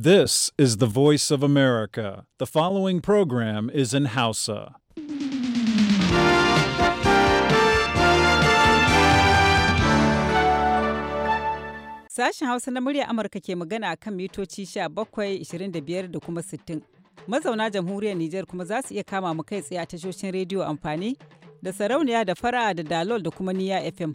This is the voice of America. The following program is in Hausa. Sashen Hausa na murya Amurka ke magana kan mitoci 17, da kuma 60. Mazauna jamhuriyar Nijar kuma za su iya kama mu kai tsaye a tashoshin rediyo amfani da sarauniya da fara da dalol da kuma niya FM.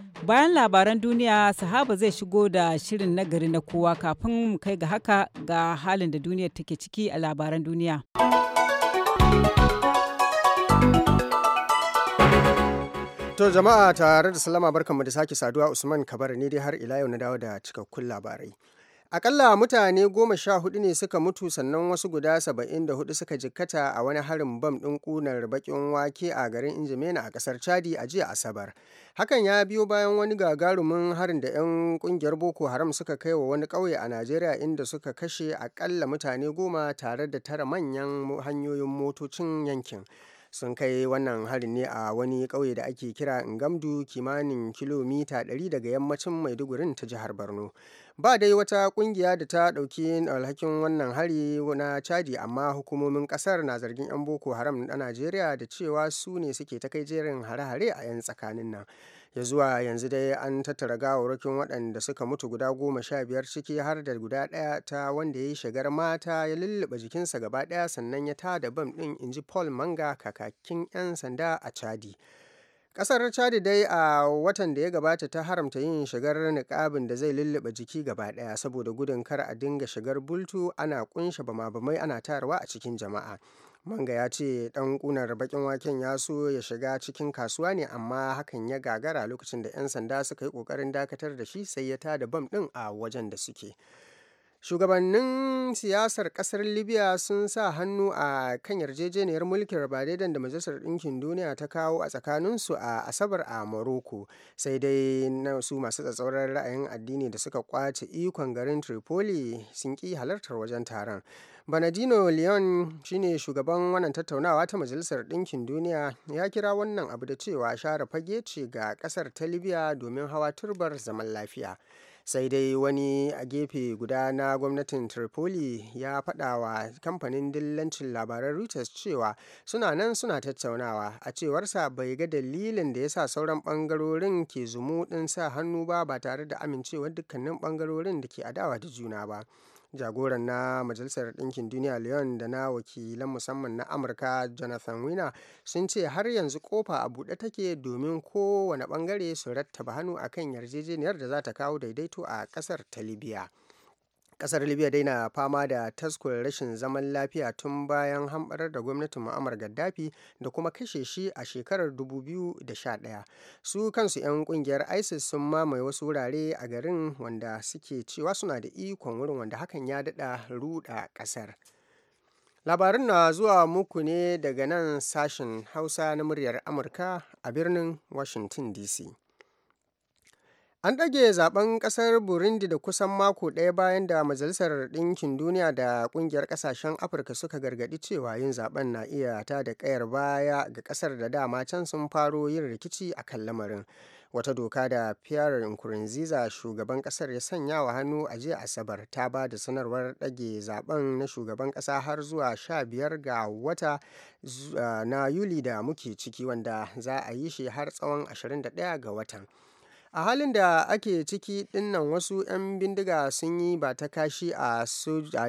Bayan labaran duniya, sahaba zai shigo da shirin nagari na kowa kafin mu kai ga haka ga halin da duniya take ciki a labaran duniya. To jama'a tare da salama barkanmu da sake saduwa Usman kabar ne dai har ila yau na dawo da cikakkun labarai. Akalla mutane goma sha hudu ne suka mutu sannan wasu guda saba'in da hudu suka jikkata a wani harin bam ɗin ƙunar bakin wake a garin Injimena a ƙasar Chadi a jiya Asabar. Hakan ya biyo bayan wani gagarumin harin da 'yan ƙungiyar Boko Haram suka kai wa wani ƙauye a Najeriya inda suka kashe akalla mutane goma tare da tara manyan hanyoyin motocin yankin. sun kai wannan harin ne a wani ƙauye da ake kira ngamdu kimanin kilomita 100 daga yammacin maidugurin ta jihar borno ba dai wata kungiya da ta ɗauki alhakin wannan hari na chadi amma hukumomin ƙasar na zargin 'yan boko haram na najeriya da cewa su ne suke ta kai jerin hare-hare a 'yan tsakanin nan ya zuwa yanzu dai an tattara gawarwakin waɗanda suka mutu guda goma sha biyar ciki har da guda ɗaya ta wanda ya yi shigar mata ya lulluɓe jikinsa gaba ɗaya sannan ya tada bam ɗin in ji paul manga kakakin 'yan sanda a chadi ƙasar chadi dai a watan da ya gabata ta haramta yin shigar niƙabin da zai lullube jiki gaba ɗaya saboda gudun kar a dinga shigar bultu ana kunshe bama-bamai ana tarwa a cikin jama'a Manga ya ce dan kunar bakin waken ya so ya shiga cikin kasuwa ne amma hakan ya gagara lokacin da 'yan sanda suka yi kokarin dakatar da shi sai ya tada bam din a wajen da suke. shugabannin siyasar kasar libya sun sa hannu a kan yarjejeniyar mulkin rabadaidan da majalisar ɗinkin duniya ta kawo a tsakaninsu a asabar a morocco sai dai na su masu tsatsauran ra'ayin addini da suka kwace ikon garin tripoli sun ƙi halartar wajen taron Banadino Leon shine shugaban wannan tattaunawa ta Majalisar Ɗinkin Duniya ya kira wannan abu da cewa share fage ce ga ƙasar ta Libya domin hawa turbar zaman lafiya. sai dai wani a gefe guda na gwamnatin tripoli ya faɗa wa kamfanin dillancin labaran reuters cewa suna nan suna tattaunawa a cewarsa bai ga dalilin da ya sa sauran ɓangarorin ke zumu ɗin sa hannu ba ba tare da amincewar dukkanin ɓangarorin da ke adawa da juna ba jagoran na majalisar ɗinkin duniya leon da na wakilan musamman na amurka jonathan wina sun ce har yanzu kofa a buɗe take domin kowane ɓangare su rattaba hannu akan yarjejeniyar da za ta kawo daidaito a ƙasar ta libya kasar libya dai na fama da taskun rashin zaman lafiya tun bayan hamɓarar da gwamnatin mu'ammar gaddafi da kuma kashe shi a shekarar 2011 su kansu 'yan kungiyar isis sun mamaye wasu wurare a garin wanda suke cewa suna da ikon wurin wanda hakan ya daɗa ruɗa ƙasar labarin na zuwa muku ne daga nan sashen hausa na muryar amurka a birnin washington dc An ɗage zaben ƙasar Burundi da kusan mako ɗaya bayan da Majalisar Ɗinkin Duniya da Ƙungiyar Ƙasashen Afirka suka gargaɗi cewa yin zaben na iya ta da ƙayar baya ga ƙasar da dama can sun faro yin rikici a kan lamarin. Wata doka da Pierre Nkurunziza shugaban ƙasar ya sanya wa hannu a jiya Asabar ta ba da sanarwar ɗage zaben na shugaban ƙasa har zuwa 15 ga wata ah, na Yuli da muke ciki wanda za a yi shi har tsawon 21 ga watan. A halin da ake ciki ɗinnan wasu ‘yan bindiga sun yi ba ta kashi a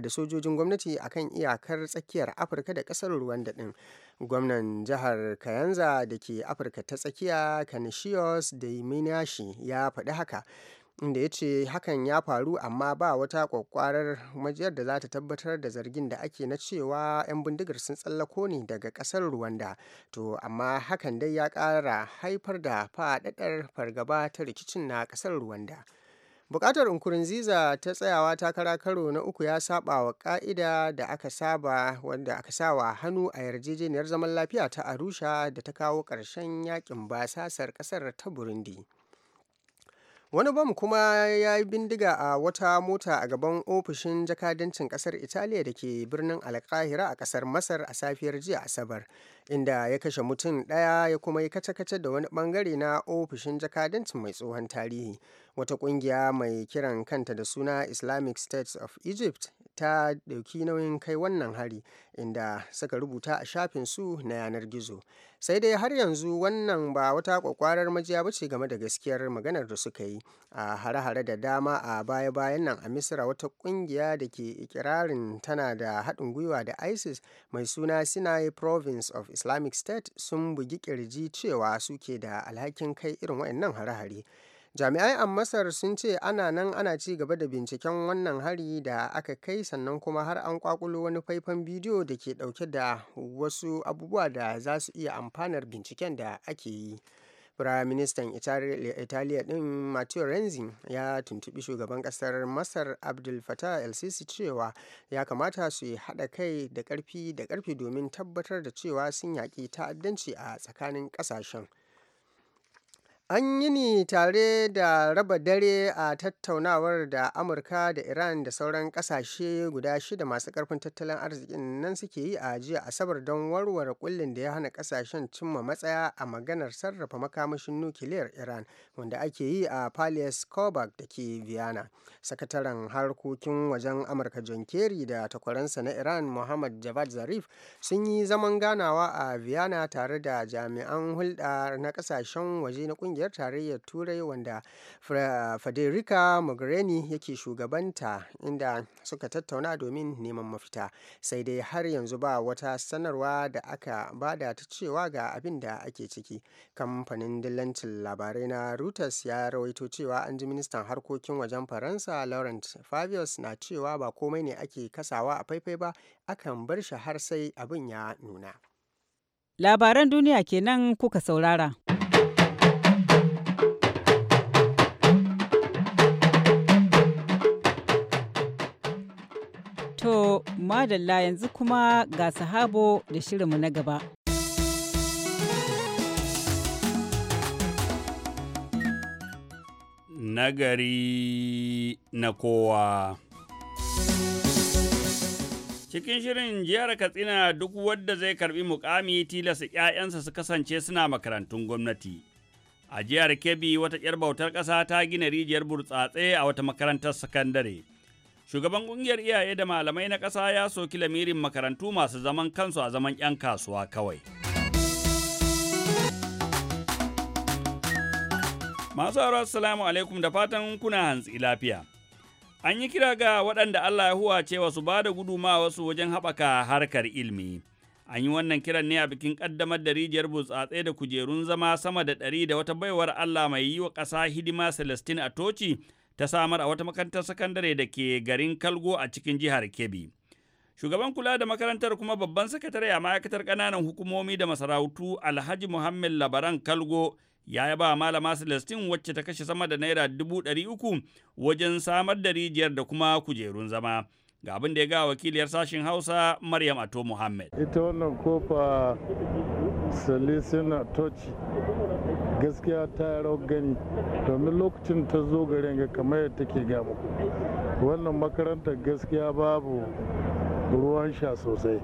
da sojojin gwamnati a kan iyakar tsakiyar Afirka da ƙasar ruwan din Gwamnan jihar Kayanza da ke Afirka ta tsakiya da Daimunashi ya faɗi haka. inda ya ce hakan ya faru amma ba wata kwakwarar majiyar da za ta tabbatar da zargin da ake na cewa 'yan bindigar sun tsallako ne daga kasar ruwanda to amma hakan dai ya kara haifar da faɗaɗar fargaba ta rikicin na kasar ruwanda bukatar nkurunziza ta tsayawa takara karo na uku ya saba wa ka'ida da aka saba wanda aka sawa hannu a yarjejeniyar zaman lafiya ta arusha da ta kawo ƙarshen yakin basasar ƙasar ta burundi wani bam kuma ya yi bindiga a wata mota a gaban ofishin jakadancin kasar italiya da ke birnin alkahira a kasar masar a safiyar jiya asabar inda ya kashe mutum ɗaya ya kuma yi kace-kace da wani bangare na ofishin jakadancin mai tsohon tarihi wata kungiya mai kiran kanta da suna islamic states of egypt ta ɗauki nauyin kai wannan hari inda suka rubuta a shafin su na yanar gizo sai dai har yanzu wannan ba wata kwakwarar majiya ba ce game da gaskiyar maganar da suka yi a hare-hare da dama a baya-bayan nan a misira wata kungiya da ke ikirarin tana da haɗin gwiwa da isis mai suna sinai province of islamic state sun bugi ƙirji cewa suke da alhakin kai irin waɗannan hare-hare Jami'ai a Masar sun ce ana nan ana ci gaba da binciken wannan hari da aka kai sannan kuma har an kwakulo wani faifan bidiyo da ke dauke da wasu abubuwa da za su iya amfanar binciken da ake yi. Firaministan Italiya din Matteo Renzi ya tuntubi shugaban ƙasar Masar abdul Fattah el-Sisi cewa ya kamata su yi haɗa kai da ƙarfi da ƙarfi domin tabbatar da cewa sun yaƙi ta'addanci a tsakanin ƙasashen. An yi ni tare da raba dare a tattaunawar da Amurka da Iran da sauran kasashe guda shida masu karfin tattalin arzikin nan suke yi a jiya Asabar don warware ƙullin da ya hana kasashen cimma matsaya a maganar sarrafa makamashin nukiliyar Iran, wanda ake yi a Palais Cobalt da ke Vienna. Sakataren harkokin wajen Amurka John Kerry da takwaransa na Iran Mohammad Javad Zarif sun yi zaman ganawa a viana tare da jami'an hulɗa na kasashen waje na ƙungiyar ƙungiyar tarayyar turai wanda federica mogherini yake shugabanta inda suka tattauna domin neman mafita sai dai har yanzu ba wata sanarwa da aka bada ta cewa ga abin da ake ciki kamfanin dillancin labarai na reuters ya rawaito cewa an ji ministan harkokin wajen faransa laurent fabius na cewa ba komai ne ake kasawa a faifai ba akan bar shi har sai abin ya nuna labaran duniya kenan kuka saurara. To, madalla yanzu kuma ga sahabo da shirinmu na gaba. Nagari na kowa. Cikin shirin jihar Katsina duk wadda zai karbi mukami tilasta ‘ya'yansa su kasance suna makarantun gwamnati. A jihar Kebbi wata ‘yar bautar ƙasa ta gina rijiyar burtsatse a wata makarantar sakandare. Shugaban ƙungiyar iyaye da malamai na ƙasa ya soki lamirin makarantu masu zaman kansu a zaman 'yan kasuwa kawai. Masu haro assalamu alaikum da fatan kuna hantsi lafiya. An yi kira ga waɗanda Allah ya huwace su ba da guduma wasu wajen haɓaka harkar ilmi An yi wannan kiran ne a bikin ƙaddamar da rijiyar burtsatse da kujerun zama sama da ɗari da wata baiwar Allah mai yi wa ƙasa hidima Celestine toci? ta samar a wata makarantar sakandare da ke garin Kalgo a cikin jihar Kebbi. Shugaban kula da makarantar kuma babban sakatare a ma'aikatar ƙananan hukumomi da masarautu Alhaji Muhammad Labaran Kalgo ya yaba malama Celestine wacce ta kashe sama da naira dubu ɗari uku wajen samar da rijiyar da kuma kujerun zama. Ga abin da ya ga wakiliyar sashen Hausa Maryam Ato Muhammad. Ita wannan kofa Celestine toci. gaskiya ta rawar gani domin lokacin ta zo gare ga kamar yadda take gama wannan makarantar gaskiya babu ruwan sha sosai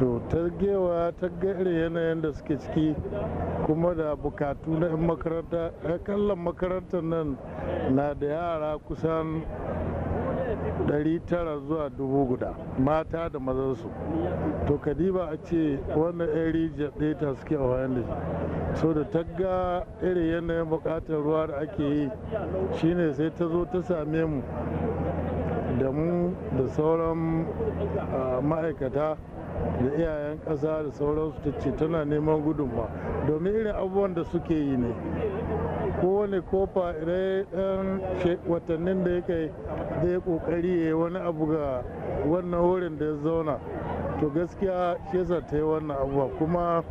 to ta gewa ta gare yanayin da suke ciki kuma da bukatu na 'yan makaranta kallon makarantar nan na da yara kusan 900 zuwa dubu guda mata da mazansu to kadiba a ce wannan yan rijiyar ɗaya ta suke wayan da shi so da ta ga irin yanayin bukatar ruwa da ake yi shine sai ta zo ta same mu da mu da sauran ma'aikata da iyayen ƙasa da sauransu ta ce tana neman gudunma domin irin abubuwan da suke yi ne kowane kofa ɗan watannin da ya kai zai kokari ya yi wani abu ga wannan wurin da ya zauna to gaskiya shi yasa ta yi wannan abuwa kuma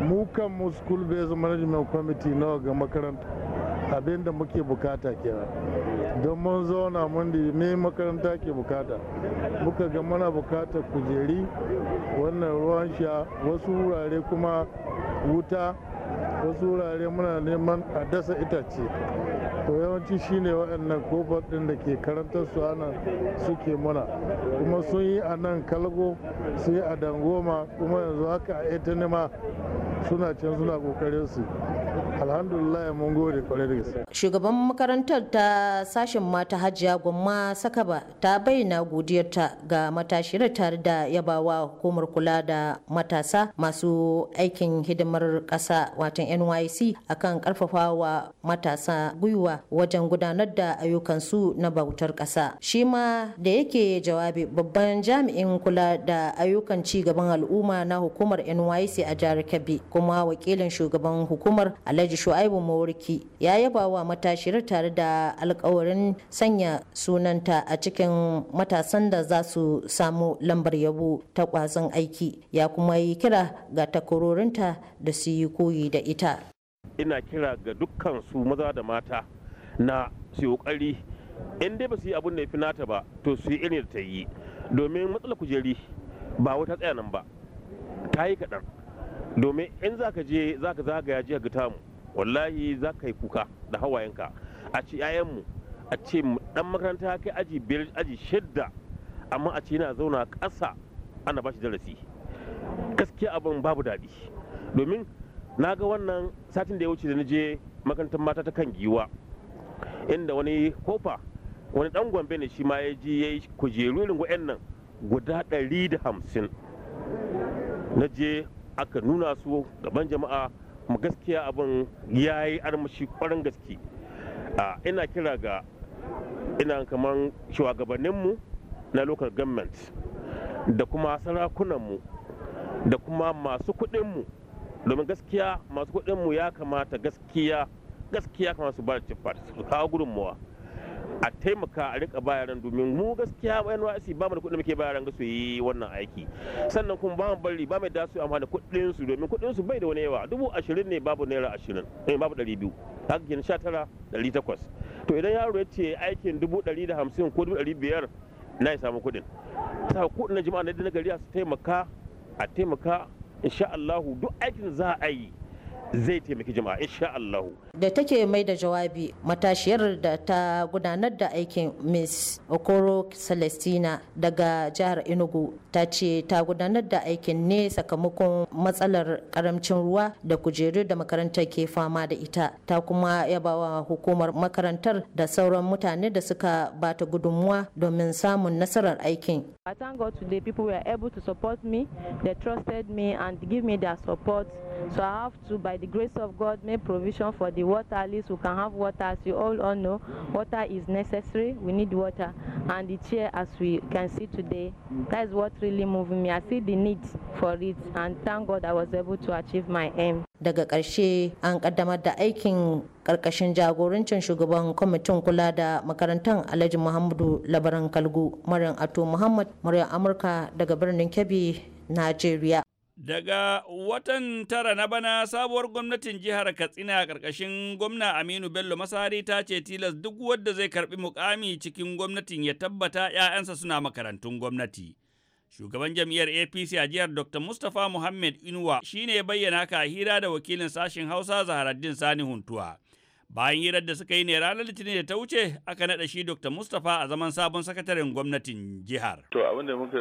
mu kan mu school based management committee nawa ga makaranta abin da muke bukata kenan don mun zauna mun da me makaranta ke bukata muka ga mana bukatar kujeri wannan ruwan sha wasu wurare kuma wuta wasu wurare muna neman a dasa itace to yawanci shine waɗannan kofar ɗin da ke karantar su ana suke muna kuma sun yi a nan kalgo sun yi a dangoma kuma yanzu haka a ita suna can suna ƙoƙarin su alhamdulillah mun gode kwarai da gaske shugaban makarantar ta sashen mata hajiya gwamma sakaba ta bayyana godiyarta ga matashiyar tare da yabawa hukumar kula da matasa masu aikin hidimar kasa wato nyc akan karfafa wa matasa gwiwa wajen gudanar da ayyukansu na bautar kasa shi ma da yake jawabi babban jami'in kula da ayyukan ci gaban al'umma na hukumar nyc a jihar kebbi kuma wakilin shugaban hukumar alhaji Alhaji Shu'aibu Mawarki ya yaba wa matashirar tare da alkawarin sanya sunanta a cikin matasan da za su samu lambar yabo ta kwazon aiki ya kuma yi kira ga takwarorinta da su yi koyi da ita. Ina kira ga dukkan su maza da mata na su yi in dai ba su yi abin da ya fi nata ba to su yi irin da ta yi domin matsalar kujeri ba wata tsaya nan ba ta yi kaɗan domin in za ka je za ka zagaya jihar tamu wallahi za ka yi kuka da hawayenka a ci yayanmu a ce dan makaranta kai aji biyar aji shidda amma a ce yana zauna ƙasa ana ba shi darasi gaskiya abin babu daɗi domin na ga wannan satin da ya wuce da na je makarantar mata ta kan giwa inda wani kofa wani dan gombe ne shi ma ya ji ya yi kujeru irin nan guda ɗari da hamsin na je aka nuna su gaban jama'a kuma gaskiya abin ya yi armashi kwarin gaske ina kira ga ina kamar shugabanninmu na local government da kuma sarakunanmu da kuma masu kuɗinmu domin gaskiya masu kuɗinmu ya kamata gaskiya gaskiya kamar su ba da su kawo gudunmuwa a taimaka a rika bayaran domin mu gaskiya NYSC ba mu da kuɗin muke bayaran ga su yi wannan aiki sannan kuma ba mu bari ba mai da su da kuɗin su domin kuɗin su bai da wani yawa dubu ashirin ne babu naira ashirin ne eh, babu ɗari biyu haka kenan sha tara ɗari takwas to idan yaro ya ce aikin dubu ɗari da hamsin ko dubu ɗari biyar na ya samu kuɗin ta kuɗin jama'a na na gari a su taimaka a taimaka insha Allahu duk aikin za a yi zai taimaki jama'a insha Allahu da take mai da jawabi matashiyar da ta gudanar da aikin miss okoro celestina daga jihar enugu ta ce ta gudanar da aikin ne sakamakon matsalar karamcin ruwa da kujeru da makarantar ke fama da ita ta kuma yabawa hukumar makarantar da sauran mutane da suka bata gudunmuwa domin samun nasarar aikin I thank God today people were able to support and give me their support. So I have to, by the grace of God, make provision for the water, at least we can have water. As you all, all know, water is necessary. We need water. And the chair, as we can see today, that is what really moved me. I see the need for it. And thank God I was able to achieve my aim. Daga ƙarshe an ƙaddamar da aikin ƙarƙashin jagorancin shugaban kwamitin kula da makarantar Alhaji Muhammadu Labaran Kalgu, Maryam Ato Muhammad, Maryam Amurka daga birnin Kebbi, Najeriya. Daga watan tara na bana sabuwar gwamnatin jihar Katsina a ƙarƙashin gwamna Aminu Bello Masari ta ce tilas duk wadda zai karɓi mukami cikin gwamnatin ya tabbata ‘ya'yansa suna makarantun gwamnati. Shugaban jam'iyyar APC a jihar Dr. Mustapha Muhammad Inuwa shi ne bayyana ka hira da wakilin sashen Hausa Zaharaddin Sani Huntuwa. Bayan hirar da suka yi ne ranar Litinin da ta wuce aka naɗa shi Dr. Mustapha a zaman sabon sakataren gwamnatin jihar. To abin da muka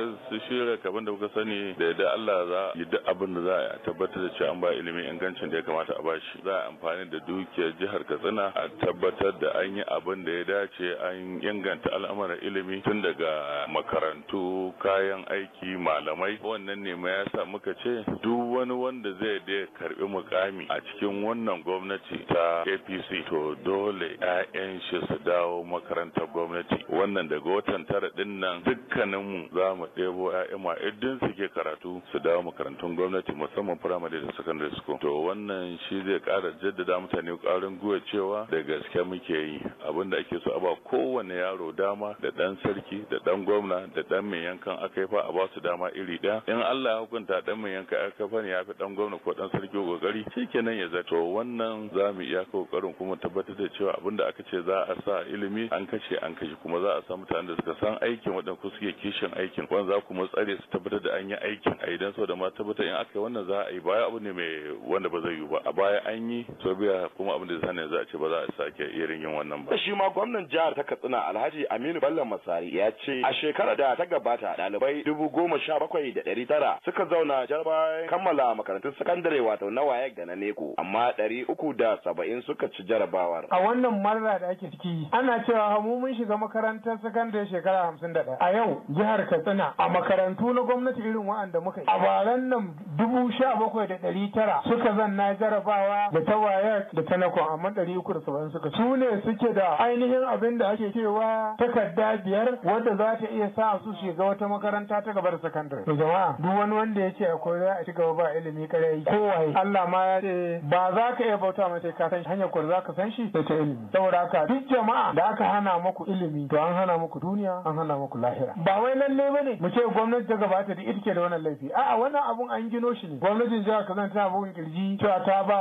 shirya kaban da muka sani da yadda Allah za yi duk abin da za a tabbatar da cewa an ba ilimin ingancin da ya kamata a bashi. Za a amfani da dukiyar jihar Katsina a tabbatar da an yi abin da ya dace an inganta al'amuran ilimi tun daga makarantu, kayan aiki, malamai. Wannan ne ma ya muka ce duk wani wanda zai da karbi mukami a cikin wannan gwamnati ta APC tafi to dole 'ya'yan shi su dawo makarantar gwamnati wannan daga watan tara din nan dukkaninmu za mu ɗebo 'ya'yan ma idan suke karatu su dawo makarantun gwamnati musamman firamare da secondary school to wannan shi zai ƙara jaddada mutane ƙarin gwiwa cewa da gaske muke yi abin da ake so a ba kowane yaro dama da ɗan sarki da ɗan gwamna da ɗan mai yankan aka yi fa a ba su dama iri ɗaya in Allah ya hukunta ɗan mai yankan aka fa ne ya fi ɗan gwamna ko ɗan sarki shi kenan ya zato wannan za mu iya ƙoƙarin kuma kuma tabbatar da cewa abinda aka ce za a sa ilimi an kashe an kashe kuma za a sa mutanen da suka san aikin waɗanda suke kishin aikin wanda za kuma tsare su tabbatar da an yi aikin a idan da ma tabbatar in aka yi wannan za a yi baya abu ne mai wanda ba zai yi ba a baya an yi to biya kuma abin da za a ce ba za a sake irin yin wannan ba. Shi ma gwamnan jihar ta Katsina Alhaji Aminu Bello Masari ya ce a shekara da ta gabata dalibai dubu goma sha bakwai da ɗari tara suka zauna jarabawa kammala makarantun sakandare wato na WAEC da na neko amma ɗari uku da saba'in suka ci jarabawar. A wannan marra da ake ciki ana cewa mu mun shiga makarantar sakandare shekara hamsin da ɗaya. A yau jihar Katsina a makarantu na gwamnati irin wa'anda muka yi. A baran nan dubu sha bakwai da ɗari tara suka na jarabawa da ta wayar da ta nakon amma ɗari uku da saba'in suka su ne suke da ainihin abin da ake cewa takarda biyar wadda za ta iya sa su shiga wata makaranta ta gaba sakandare. To jama'a duk wani wanda ya ce akwai za a ci gaba ba ilimi kare kowaye Allah ma ya ce ba za ka iya bauta sai ka san hanyar kwar Ka san shi sai ta ilimi saboda haka duk jama'a da aka hana muku ilimi to an hana muku duniya an hana muku lahira ba wai lalle bane mu ce gwamnati ta gabata da ita ke da wannan laifi a'a wannan abun an gino shi ne gwamnatin jihar Kazan tana bugun kirji cewa ta ba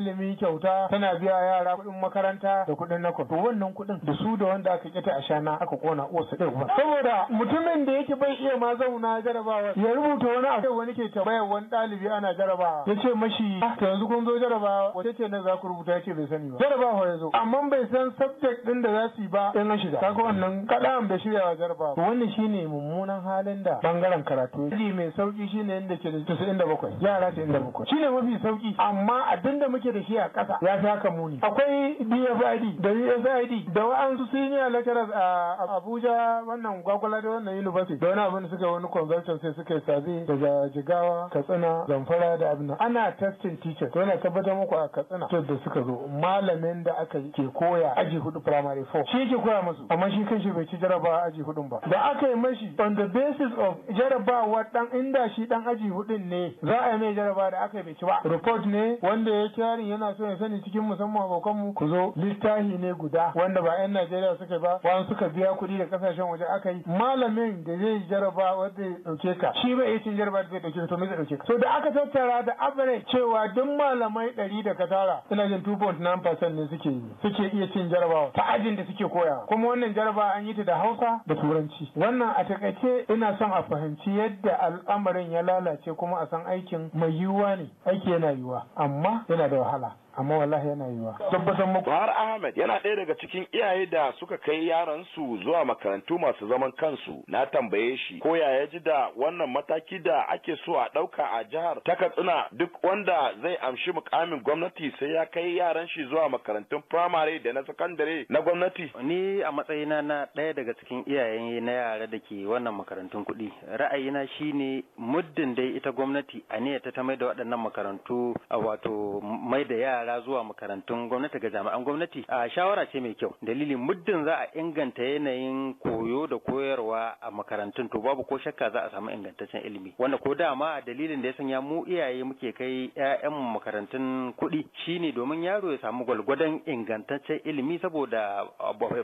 ilimi kyauta tana biya yara kuɗin makaranta da kuɗin na to wannan kuɗin da su da wanda aka kita a shana aka kona osa ɗin ba saboda mutumin da yake bai iya ma zauna jarabawa ya rubuta wani abu wani ke wani ɗalibi ana jarabawa ya ce mashi ah, ta yanzu kun zo jarabawa wace ce na za ku rubuta ya ce bai sani ba jarabawa ya zo amma bai san subject din da za su yi ba sai na shiga kaga wannan kadan bai shirya wa jarabawa wannan shine mummunan halin da bangaren karatu ji mai sauki shine yanda ke da 97 yara 97 shine mafi sauki amma a dinda muke da shi a kasa ya fi haka muni akwai DFID da USID da wa'ansu senior lecturers a Abuja wannan gwagwala da wannan university da wani abin da suka wani consultant sai suka sabi daga Jigawa Katsina Zamfara da abin ana testing teachers. to yana tabbatar muku a Katsina to da suka zo malam malamin da aka yi ke koya aji hudu primary four shi yake koya musu amma shi kanshi bai ci jaraba aji hudun ba da aka yi mashi on the basis of jarabawa dan inda shi dan aji hudun ne za a yi mai jaraba da aka yi bai ci ba report ne wanda ya kyari yana so ya sani cikin musamman abokan mu ku zo littahi ne guda wanda ba yan Najeriya suka ba wani suka biya kuɗi da kasashen waje aka yi malamin da zai jaraba wanda ya dauke ka shi bai yi cin jaraba da zai dauke to me zai dauke ka so da aka tattara da average cewa duk malamai ɗari da ka tara ina jin 2.9% matan ne suke yi suke iya cin jarabawa ta ajin da suke koya kuma wannan jaraba an yi ta da hausa da turanci wannan a takaice ina son a fahimci yadda al'amarin ya lalace kuma a san aikin mai yiwuwa ne aiki yana yiwuwa amma yana da wahala amma wallahi yana yiwa tabbatan muku Bahar Ahmed yana ɗaya daga cikin iyaye da suka kai yaran su zuwa makarantu masu zaman kansu na tambaye shi ko ya ji da wannan mataki da ake so a ɗauka a jihar ta Katsina duk wanda zai amshi mukamin gwamnati sai ya kai yaran shi zuwa makarantun firamare da na sakandare na gwamnati ni a matsayina na ɗaya daga cikin iyayen na yara da ke wannan makarantun kuɗi ra'ayina shine muddin dai ita gwamnati a aniyata ta mai da waɗannan makarantu a wato mai da yara yara zuwa makarantun gwamnati ga jami'an gwamnati a shawara ce mai kyau dalilin muddin za a inganta yanayin koyo da koyarwa a makarantun to babu ko shakka za a samu ingantaccen ilimi wanda ko dama dalilin da ya sanya mu iyaye muke kai ƴaƴanmu makarantun kuɗi shine domin yaro ya samu gwalgwadon ingantaccen ilimi saboda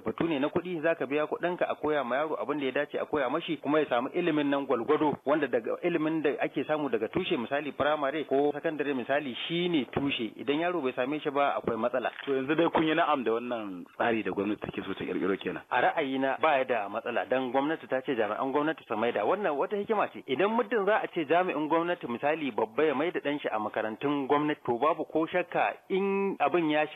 batu ne na kuɗi zaka biya ka a koya ma yaro abin da ya dace a koya mashi kuma ya samu ilimin nan gwalgwado wanda daga ilimin da ake samu daga tushe misali firamare ko sakandare misali shine tushe idan yaro bai bai same shi ba akwai matsala to yanzu dai kun yi na'am da wannan tsari da gwamnati take so ta kirkiro kenan a ra'ayina ba ya da matsala dan gwamnati ta ce jami'an gwamnati su maida wannan wata hikima ce idan muddin za a ce jami'in gwamnati misali babba ya maida dan shi a makarantun gwamnati to babu ko shakka in abin ya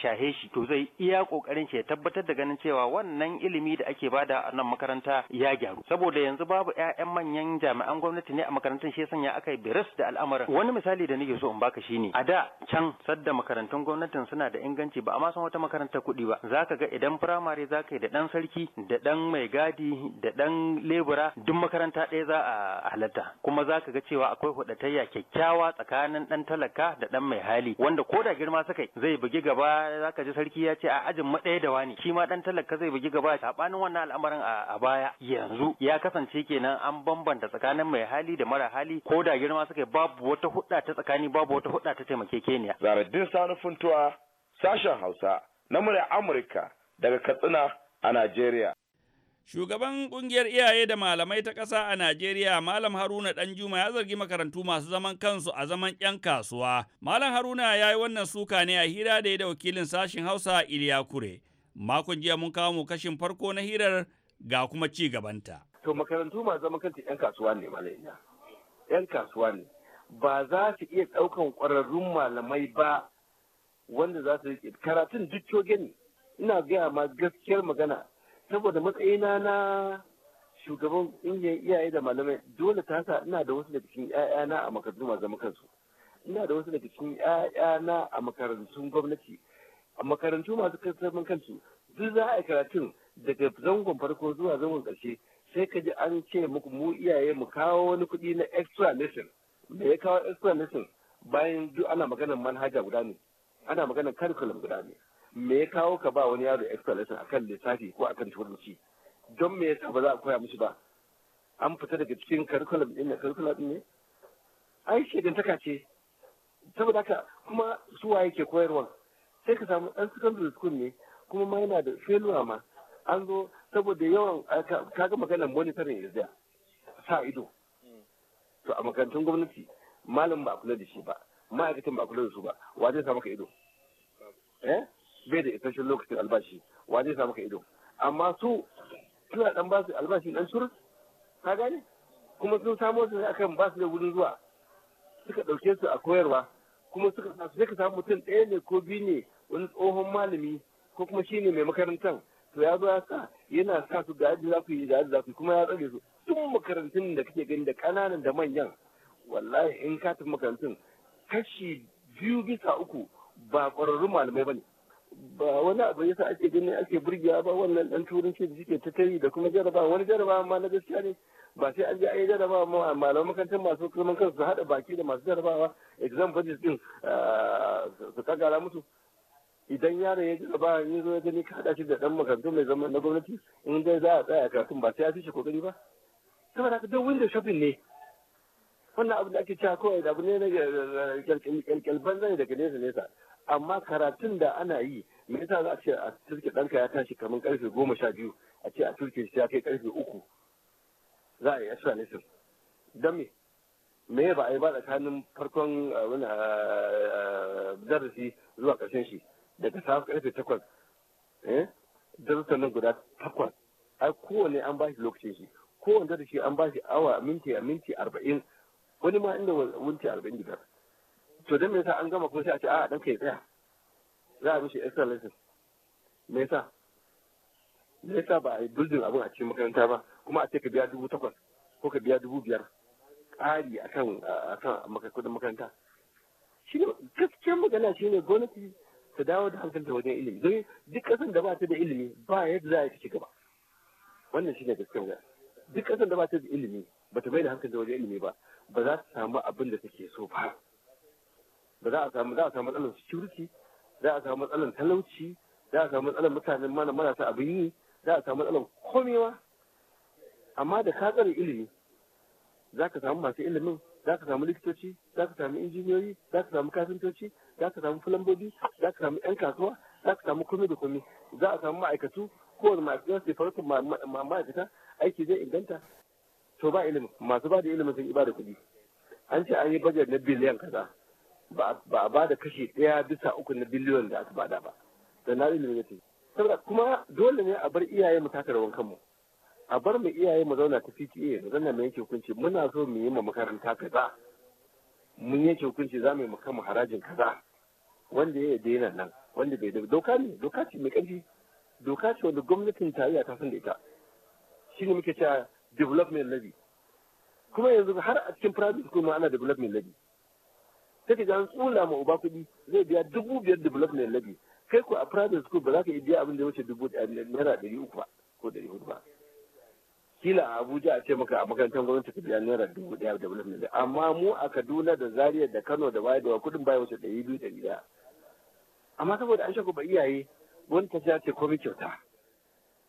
shahe shi to zai iya kokarin shi ya tabbatar da ganin cewa wannan ilimi da ake bada a nan makaranta ya gyaru saboda yanzu babu ƴaƴan manyan jami'an gwamnati ne a makarantun shi sanya aka yi biris da al'amarin wani misali da nake so in baka shine a da can sadda makarantun gwamnatin suna da inganci ba amma san wata makaranta kuɗi ba Za ka ga idan firamare za ka yi da ɗan sarki da ɗan mai gadi da ɗan lebura duk makaranta ɗaya za a halatta kuma za ka ga cewa akwai hudatayya kyakkyawa tsakanin ɗan talaka da ɗan mai hali wanda ko da girma suka zai bugi gaba za ka ji sarki ya ce a ajin maɗaya da wani shi ma ɗan talaka zai bugi gaba A saɓanin wannan al'amarin a baya yanzu ya kasance kenan an bambanta tsakanin mai hali da mara hali ko da girma suka babu wata huɗa ta tsakani babu wata huɗa ta taimakekeniya. duk Sani tuwa sashen Hausa, na murya Amurka daga Katsina a Najeriya. Shugaban kungiyar iyaye da malamai ta ƙasa a Najeriya, Malam Haruna Danjuma ya zargi makarantu masu zaman kansu a zaman 'yan kasuwa. Malam Haruna ya yi wannan suka ne a hira da ya da wakilin sashen Hausa Iliya Kure. Makon jiya mun kawo mu kashin farko na hirar ga kuma ci gabanta. To makarantu masu zaman kansu 'yan kasuwa ne malayya. 'Yan kasuwa ne. Ba za su iya ɗaukan ƙwararrun malamai ba wanda za su rike karatun duk coge ne ina gaya ma gaskiyar magana saboda matsayina na shugaban ƙungiyar iyaye da malamai dole ta sa ina da wasu daga cikin ƴaƴana a makarantu masu zama kansu ina da wasu daga cikin ƴaƴana a makarantun gwamnati a makarantu masu zaman kansu duk za a yi karatun daga zangon farko zuwa zangon ƙarshe sai ka ji an ce muku mu iyaye mu kawo wani kuɗi na extra lesson me ya kawo extra lesson bayan duk ana maganar manhaja guda ne ana magana curriculum guda ne me ya kawo ka ba wani yaro extra lesson akan lissafi ko akan turanci don me yasa ba za a koya musu ba an fita daga cikin curriculum din na curriculum din ne ai taka ce saboda haka kuma su waye ke koyarwa sai ka samu ɗan secondary school ne kuma ma yana da failure ma an zo saboda yawan kaga maganar monitoring is there sa ido to a makarantun gwamnati malam ba kula da shi ba ma'aikatan ba kula da su ba wa zai sa ka ido Eh? bai da isasshen lokacin albashi wa zai samu ka ido amma su suna dan ba su albashi dan sur ka gane kuma sun samo su akan ba su da wurin zuwa suka dauke su a koyarwa kuma suka sa sai ka samu mutum ɗaya ne ko biyu ne wani tsohon malami ko kuma shine mai makarantar to ya zo ya sa yana sa su ga yadda za ku yi da yadda ku yi kuma ya tsare su tun makarantun da kake gani da kananan da manyan wallahi in ka makarantun kashi biyu bisa uku ba ƙwararrun malamai ba ne ba wani abu yasa ake gani ake burgewa ba wannan dan turanci da suke ta tayi da kuma jaraba wani jaraba ma na gaskiya ne ba sai an je an yi jaraba ma malaman makarantar masu kalman kansu su hada baki da masu jarabawa exam budget din ah, su kagara musu idan yaro ya jaraba ya zo ya gani ka hada shi da ɗan makarantu mai zaman na gwamnati in dai za a tsaya karatun ba sai ya fi shi kokari ba saboda haka don window shopping ne wannan abu da ake cewa kawai da abu ne na eh, kyalkyalban zai daga nesa nesa amma karatun da ana yi me yasa za a ce a turke ɗanka ya tashi kamar karfe goma sha biyu a ce a turke shi ya kai karfe uku za a yi extra lesson don me me ba a yi ba tsakanin farkon wani uh, uh, uh, darasi zuwa ƙarshen shi daga safe karfe takwas eh? darussan nan guda takwas ai kowane an ba shi lokacin shi kowane darasi an ba shi awa minti a minti arba'in wani ma inda minti arba'in da biyar to dan me yasa an gama ko sai a ce a dan kai tsaya za a mishi extra lesson me yasa me yasa ba a yi building abin a cikin makaranta ba kuma a ce ka biya dubu takwas ko ka biya dubu biyar ƙari a kan kudin makaranta shi ne gaskiyar magana shi ne gwamnati ta dawo da da wajen ilimi don duk ƙasar da ba ta da ilimi ba yadda za a ci gaba wannan shi ne gaskiyar magana duk ƙasar da ba ta da ilimi ba ta mai da da wajen ilimi ba ba za ta samu abin da take so ba ba za a samu za a samu matsalar security za a samu matsalar talauci za a samu matsalar mutanen mana marasa abin yi za a samu matsalar komewa amma da ka tsare ilimi za ka samu masu ilimin za ka samu likitoci za ka samu injiniyoyi za ka samu kafintoci za ka samu fulambobi za ka samu yan kasuwa za ka samu komi da komi za a samu ma'aikatu kowane ma'aikata su farko ma'aikata aiki zai inganta to ba ilimin masu ba da ilimin sun iba da kuɗi an ce an yi bajet na biliyan kaza ba a ba da kashi ɗaya bisa uku na biliyon da aka bada ba da na ilimin ya saboda kuma dole ne a bar iyaye mu taka rawan kanmu a bar mu iyaye mu zauna ta CTA mu zauna mu yanke hukunci muna so mu yi ma makaranta kaza mun yanke hukunci za mu yi mu harajin kaza wanda ya daina nan wanda bai da doka ne doka ce mai ƙarfi doka ce wanda gwamnatin tarayya ta san da ita shine muke cewa development levy kuma yanzu har a cikin private school ma ana development levy sai ga tsula ma uba kuɗi zai biya dubu biyar da development levy kai ku a private school ba za ka iya biya abin da wuce dubu naira ɗari uku ba ko ɗari hudu ba kila a abuja a ce maka a makarantar gwamnati ka biya naira dubu ɗaya development levy amma mu a kaduna da zaria da kano da waye da kuɗin baya wuce ɗari biyu ɗari ɗaya amma saboda an shago ba iyaye wani ta ce komai kyauta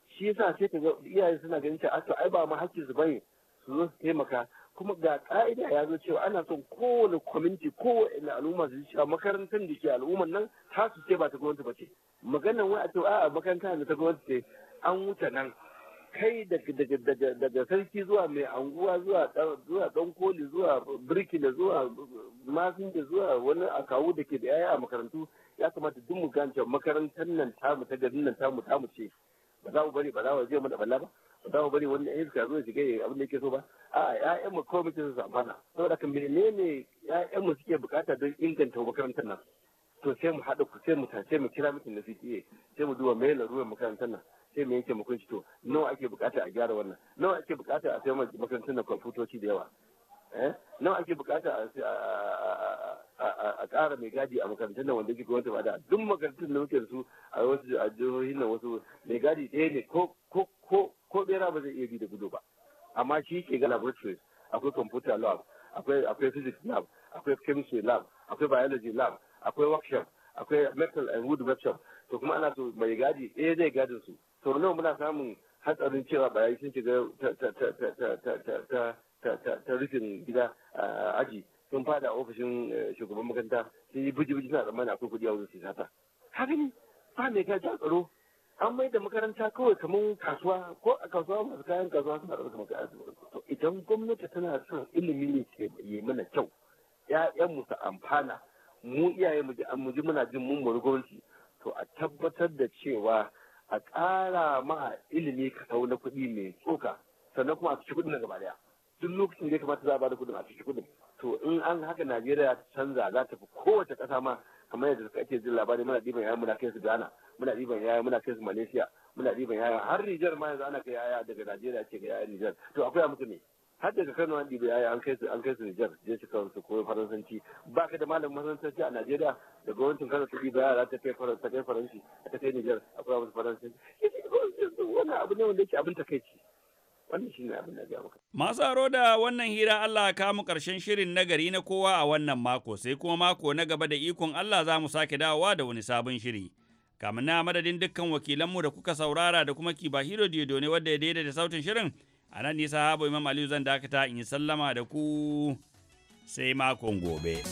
shi yasa sai ka ga iyaye suna ganin cewa ai ba ma hakkin su bane su zo su taimaka kuma ga ka'ida ya zo cewa ana son kowane kwaminti kowane al'umma su cewa makarantar da ke al'umman nan ta su ce ba ta gwamnati ba ce maganar wai a ce a'a makaranta da ta gwamnati ce an wuce nan kai daga sarki zuwa mai anguwa zuwa dan koli zuwa birki da zuwa masin da zuwa wani akawu da ke da yaya a makarantu ya kamata duk mu gane makarantar nan tamu ta garin nan tamu tamu ce ba za mu bari ba za mu je mu da balla ba za mu bari wannan iska zo shiga ya abin da yake so ba a ya'yan mu kawai muke su amfana saboda kan menene ƴaƴan mu suke bukata don inganta makarantar nan to sai mu haɗa ku sai mu tace mu kira mutum na CTA sai mu duba mai laruwar makarantar nan sai mu yanke mukunci to nawa ake bukata a gyara wannan nawa ake bukata a sai makarantar nan kwamfutoci da yawa eh? nawa ake bukata a ƙara mai gadi a makarantar nan wanda jikin wata da duk makarantun da muke da su a wasu a jihohin nan wasu mai gadi ɗaya ne ko ko bera ba zai iya bi da gudu ba amma shi ke ga laboratories akwai computer lab akwai akwai physics lab akwai chemistry lab akwai biology lab akwai workshop akwai metal and wood workshop to kuma ana so mai gadi eh zai gadin su to nawa muna samun hatsarin cewa bayan sun shiga ta rufin gida aji sun fada ofishin shugaban makaranta sun yi buji-buji suna tsammani akwai kuɗi a wajen su sata. Haka ne, ba mai ka a tsaro an mai da makaranta kawai kamar kasuwa ko a kasuwa masu kayan kasuwa suna ɗauka makaranta to idan gwamnati tana son ilimi ne ke yi mana kyau mu su amfana mu iyaye mu an muji muna jin mun gwamnati to a tabbatar da cewa a ƙara ma ilimi ka sau na kuɗi mai tsoka sannan kuma a cikin kuɗin na gaba duk lokacin da ya kamata za a bada kuɗin a cikin kuɗin to in an haka najeriya ta canza za ta fi kowace ƙasa ma kamar yadda suka ake jin labari muna ɗiban yaya muna kai su Ghana muna ɗiban yaya muna kai su Malaysia muna ɗiban yaya har Nijar ma yanzu ana kai yaya daga Najeriya ce ga yaya Nijar to akwai musu ne har daga Kano an ɗiba yaya an kai su an kai su Nijar je su kawo su ko Faransanci ba ka da malamin Faransanci a Najeriya daga wancan Kano su ɗiba yara ta kai faransanci ta kai Faransi ta kai Nijar akwai musu Faransanci wannan abu ne wanda yake abin takaici wannan shi ne abin da Masu aro da wannan hira Allah ka mu karshen shirin nagari na kowa a wannan mako sai kuma mako na gaba da ikon Allah za mu sake dawowa da wani sabon shiri. Kamin na madadin dukkan wakilanmu da kuka saurara da kuma hiro Diodo ne wadda ya daidaita sautin shirin a nan nisa habu Imam Aliyu zan dakata in yi sallama da ku sai makon gobe.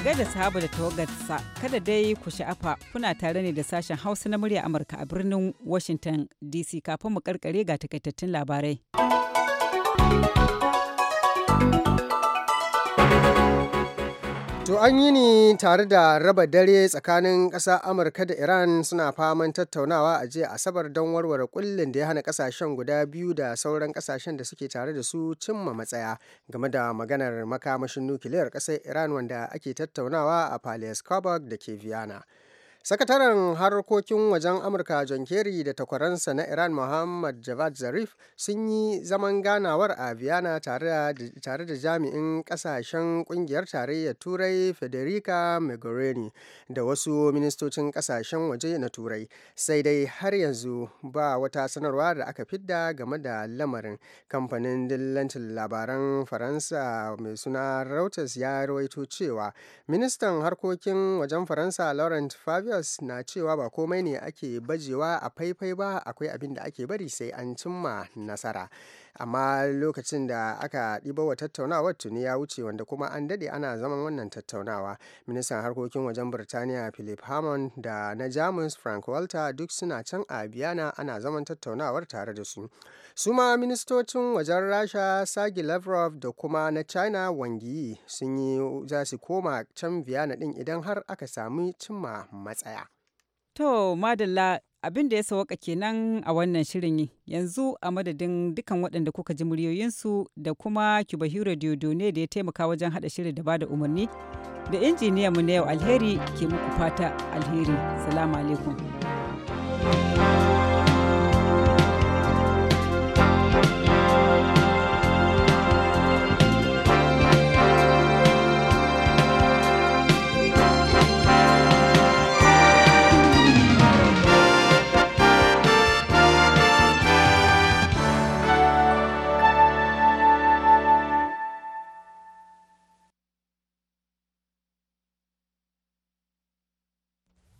A da sahaba da tawagarsa kada dai ku sha'afa kuna tare ne da sashen Hausa na murya Amurka a birnin Washington DC kafin mu karkare ga takaitattun labarai. To an yi ni tare da raba dare tsakanin ƙasa Amurka da Iran suna faman tattaunawa a jiya Asabar don warware kullum da ya hana ƙasashen guda biyu da sauran ƙasashen da suke tare da su cimma matsaya game da maganar makamashin nukiliyar ƙasar Iran wanda ake tattaunawa a Palace da ke Viana. Sakataren harkokin wajen Amurka John Kerry da takwaransa na Iran Mohammad Javad Zarif sun yi zaman ganawar a Vienna tare da jami'in kasashen kungiyar tarayyar Turai Federica Mogherini da wasu ministocin kasashen waje na Turai. Sai dai har yanzu ba wata sanarwa da aka fidda game da lamarin. Kamfanin dillancin labaran Faransa mai suna Reuters ya rawaito cewa ministan harkokin wajen Faransa Laurent Fabius Rogers na cewa ba komai ne ake bajewa a faifai ba akwai abin da ake bari sai an cimma nasara. amma lokacin da aka ɗiba wa tattaunawar tuni ya wuce wanda kuma an daɗe ana zaman wannan tattaunawa ministan harkokin wajen birtaniya philip hammond da na jamus frank walter duk suna can a biyana ana zaman tattaunawar tare da su su ma ministocin wajen rasha sagi lavrov da kuma na china wangiyi sun yi za su koma can biyana ɗin idan har aka sami cimma matsaya to madalla abin da ya sauka kenan a wannan shirin yanzu a madadin dukan waɗanda kuka ji muryoyinsu da kuma kibahiro ne da ya taimaka wajen haɗa shirin da ba da umarni da mu na yau alheri ke muku fata alheri salamu alaikum